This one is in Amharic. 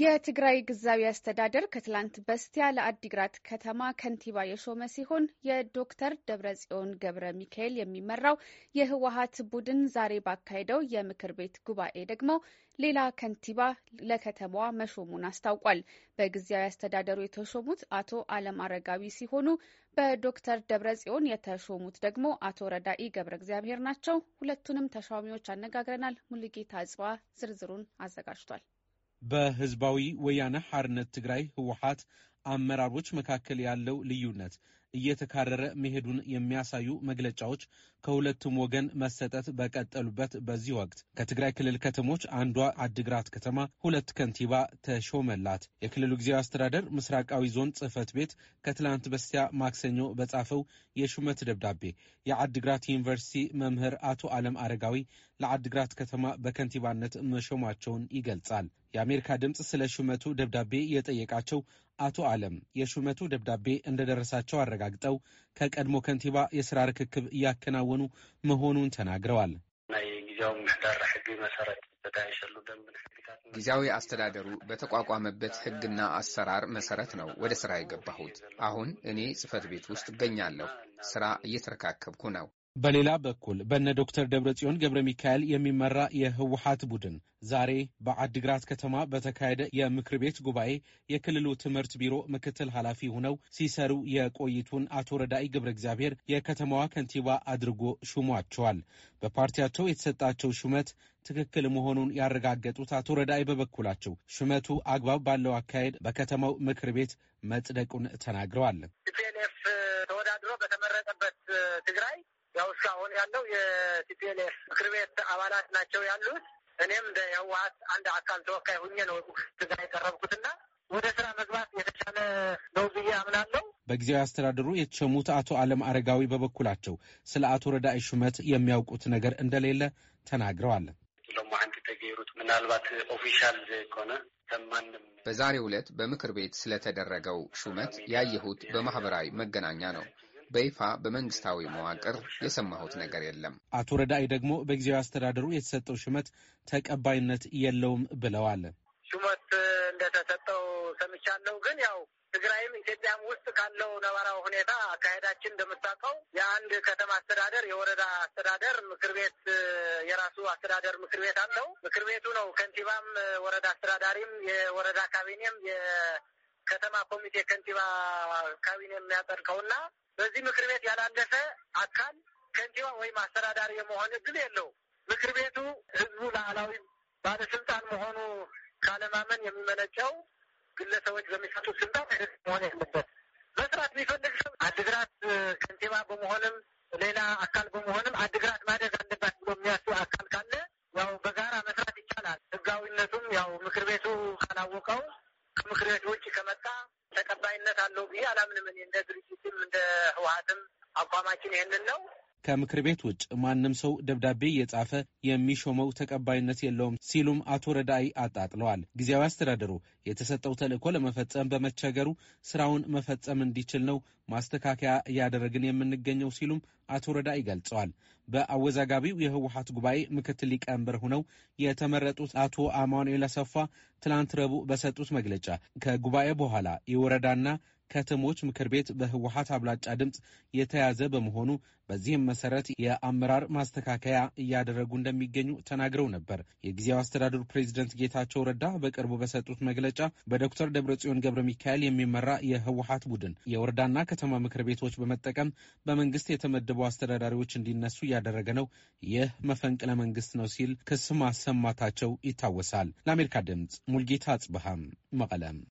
የትግራይ ጊዜያዊ አስተዳደር ከትላንት በስቲያ ለአዲግራት ከተማ ከንቲባ የሾመ ሲሆን የዶክተር ደብረጽዮን ገብረ ሚካኤል የሚመራው የህወሀት ቡድን ዛሬ ባካሄደው የምክር ቤት ጉባኤ ደግሞ ሌላ ከንቲባ ለከተማዋ መሾሙን አስታውቋል። በጊዜያዊ አስተዳደሩ የተሾሙት አቶ አለም አረጋዊ ሲሆኑ በዶክተር ደብረጽዮን የተሾሙት ደግሞ አቶ ረዳኢ ገብረ እግዚአብሔር ናቸው። ሁለቱንም ተሿሚዎች አነጋግረናል። ሙሉጌታ አጽዋ ዝርዝሩን አዘጋጅቷል። በህዝባዊ ወያነ ሐርነት ትግራይ ህወሓት አመራሮች መካከል ያለው ልዩነት እየተካረረ መሄዱን የሚያሳዩ መግለጫዎች ከሁለቱም ወገን መሰጠት በቀጠሉበት በዚህ ወቅት ከትግራይ ክልል ከተሞች አንዷ አድግራት ከተማ ሁለት ከንቲባ ተሾመላት። የክልሉ ጊዜያዊ አስተዳደር ምስራቃዊ ዞን ጽህፈት ቤት ከትላንት በስቲያ ማክሰኞ በጻፈው የሹመት ደብዳቤ የአድግራት ዩኒቨርሲቲ መምህር አቶ አለም አረጋዊ ለአድግራት ከተማ በከንቲባነት መሾማቸውን ይገልጻል። የአሜሪካ ድምፅ ስለ ሹመቱ ደብዳቤ የጠየቃቸው አቶ አለም የሹመቱ ደብዳቤ እንደደረሳቸው አረጋ አረጋግጠው ከቀድሞ ከንቲባ የስራ ርክክብ እያከናወኑ መሆኑን ተናግረዋል። ጊዜያዊ አስተዳደሩ በተቋቋመበት ሕግና አሰራር መሰረት ነው ወደ ስራ የገባሁት። አሁን እኔ ጽህፈት ቤት ውስጥ እገኛለሁ። ስራ እየተረካከብኩ ነው። በሌላ በኩል በነ ዶክተር ደብረ ጽዮን ገብረ ሚካኤል የሚመራ የህወሀት ቡድን ዛሬ በአድግራት ከተማ በተካሄደ የምክር ቤት ጉባኤ የክልሉ ትምህርት ቢሮ ምክትል ኃላፊ ሆነው ሲሰሩ የቆይቱን አቶ ረዳኢ ገብረ እግዚአብሔር የከተማዋ ከንቲባ አድርጎ ሹሟቸዋል። በፓርቲያቸው የተሰጣቸው ሹመት ትክክል መሆኑን ያረጋገጡት አቶ ረዳኢ በበኩላቸው ሹመቱ አግባብ ባለው አካሄድ በከተማው ምክር ቤት መጽደቁን ተናግረዋል። ቲፒኤልኤፍ ተወዳድሮ በተመረጠበት ትግራይ ያው እስካሁን ያለው የቲፒኤልኤፍ ምክር ቤት አባላት ናቸው ያሉት። እኔም እንደ የህወሀት አንድ አካል ተወካይ ሁኜ ነው ጋ የቀረብኩትና ወደ ስራ መግባት የተቻለ ነው ብዬ አምናለሁ። በጊዜያዊ አስተዳደሩ የተሸሙት አቶ አለም አረጋዊ በበኩላቸው ስለ አቶ ረዳኢ ሹመት የሚያውቁት ነገር እንደሌለ ተናግረዋል። ሎም ተገይሩት ምናልባት ኦፊሻል ከሆነ በዛሬው ዕለት በምክር ቤት ስለተደረገው ሹመት ያየሁት በማህበራዊ መገናኛ ነው። በይፋ በመንግስታዊ መዋቅር የሰማሁት ነገር የለም። አቶ ረዳይ ደግሞ በጊዜያዊ አስተዳደሩ የተሰጠው ሹመት ተቀባይነት የለውም ብለዋል። ሹመት እንደተሰጠው ሰምቻለሁ፣ ግን ያው ትግራይም ኢትዮጵያም ውስጥ ካለው ነባራዊ ሁኔታ አካሄዳችን እንደምታውቀው የአንድ ከተማ አስተዳደር የወረዳ አስተዳደር ምክር ቤት የራሱ አስተዳደር ምክር ቤት አለው። ምክር ቤቱ ነው ከንቲባም፣ ወረዳ አስተዳዳሪም፣ የወረዳ ካቢኔም ከተማ ኮሚቴ ከንቲባ ካቢኔ የሚያጸድቀውና በዚህ ምክር ቤት ያላለፈ አካል ከንቲባ ወይም አስተዳዳሪ የመሆን እድል የለው። ምክር ቤቱ ህዝቡ ላዕላዊ ባለስልጣን መሆኑ ካለማመን የሚመነጨው ግለሰቦች በሚሰጡት ስልጣን አይነት መሆን ያለበት መስራት የሚፈልግ ሰው አድግራት ከንቲባ በመሆንም ሌላ አካል በመሆንም አድግራት ማለት አላምንም። እኔ እንደ ድርጅትም እንደ ህወሀትም አቋማችን ይህንን ነው። ከምክር ቤት ውጭ ማንም ሰው ደብዳቤ እየጻፈ የሚሾመው ተቀባይነት የለውም ሲሉም አቶ ረዳይ አጣጥለዋል። ጊዜያዊ አስተዳደሩ የተሰጠው ተልዕኮ ለመፈጸም በመቸገሩ ስራውን መፈጸም እንዲችል ነው ማስተካከያ እያደረግን የምንገኘው ሲሉም አቶ ረዳይ ገልጸዋል። በአወዛጋቢው የህወሀት ጉባኤ ምክትል ሊቀመንበር ሆነው የተመረጡት አቶ አማኑኤል አሰፋ ትላንት ረቡዕ በሰጡት መግለጫ ከጉባኤ በኋላ የወረዳና ከተሞች ምክር ቤት በህወሀት አብላጫ ድምፅ የተያዘ በመሆኑ በዚህም መሰረት የአመራር ማስተካከያ እያደረጉ እንደሚገኙ ተናግረው ነበር። የጊዜያዊ አስተዳደሩ ፕሬዚደንት ጌታቸው ረዳ በቅርቡ በሰጡት መግለጫ በዶክተር ደብረጽዮን ገብረ ሚካኤል የሚመራ የህወሀት ቡድን የወረዳና ከተማ ምክር ቤቶች በመጠቀም በመንግስት የተመደቡ አስተዳዳሪዎች እንዲነሱ እያደረገ ነው። ይህ መፈንቅለ መንግስት ነው ሲል ክስ ማሰማታቸው ይታወሳል። ለአሜሪካ ድምፅ ሙልጌታ አጽብሃም መቀለም